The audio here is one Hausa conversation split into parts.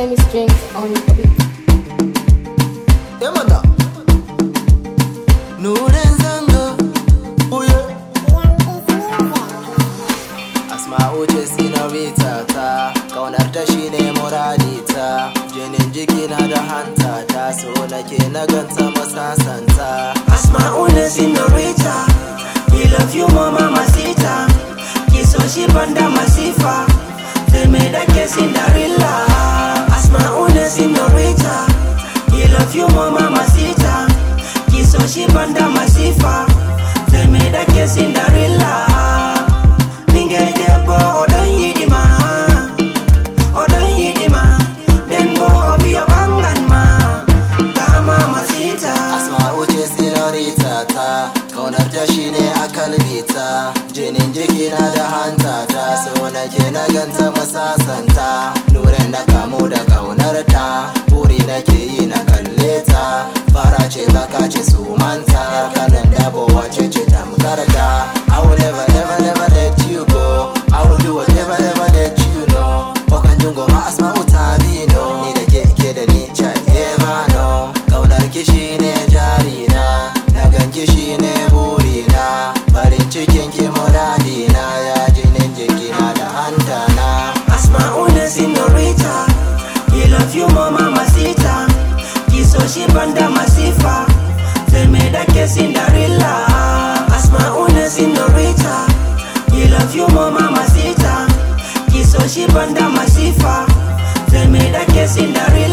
any strings on oh, the beat. Demanda. Asma uche shine da hanta ta Asma We love you mama masifa. Tell me that my owner, senorita. He love you more, mama, sita. Kiss on ship under my sifa. Tell me that you're Cinderella. cikin jikina da hanta ta so nake na ganta masasanta lura na kamu da kaunar ta buri nake yi na kalle ta fara ce baka ce su manta kanan dabowa ce ce tamkar ta I will never never never let you go I will do whatever never let you know Okan jungo ma asma utabino Ni da ke ke da ni can ever n'o Kaunar kishi ne jarina Na gan kishi ne burina farin cikin ki kupanda masifa Zelmedake Cinderella Asma une senorita You love you more mama sita Kisoshi panda masifa Zelmedake Cinderella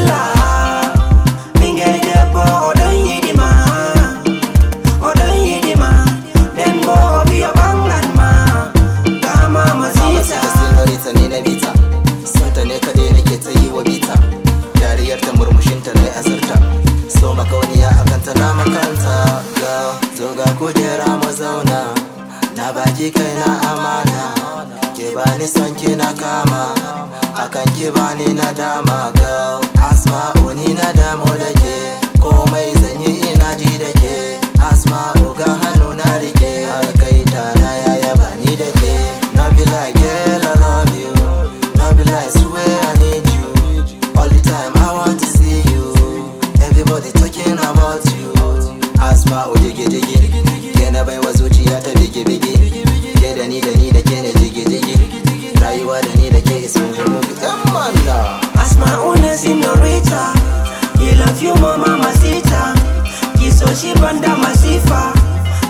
kujera mu zauna na kai na amana ke bani son ki na kama akan ki bani na dama girl na da ke komai ina ji da ke ga hannu na rike ya da ke na be like yeah, I love you na like swear I need you all the time I want to see you everybody talking about you asma'u digi digi ke ne jige-jige Rayuwa da ni da ke sun zama fitan malla Asma'una senorita You love you mama masita Kiso shi banda masifa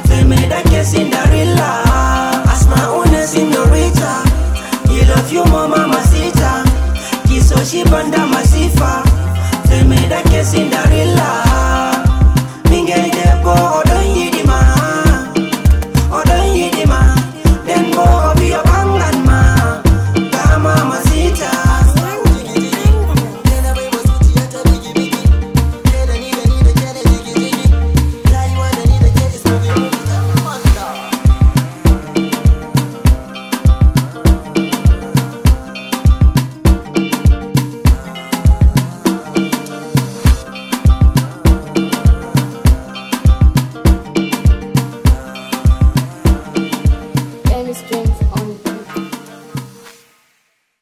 Feme da ke Cinderella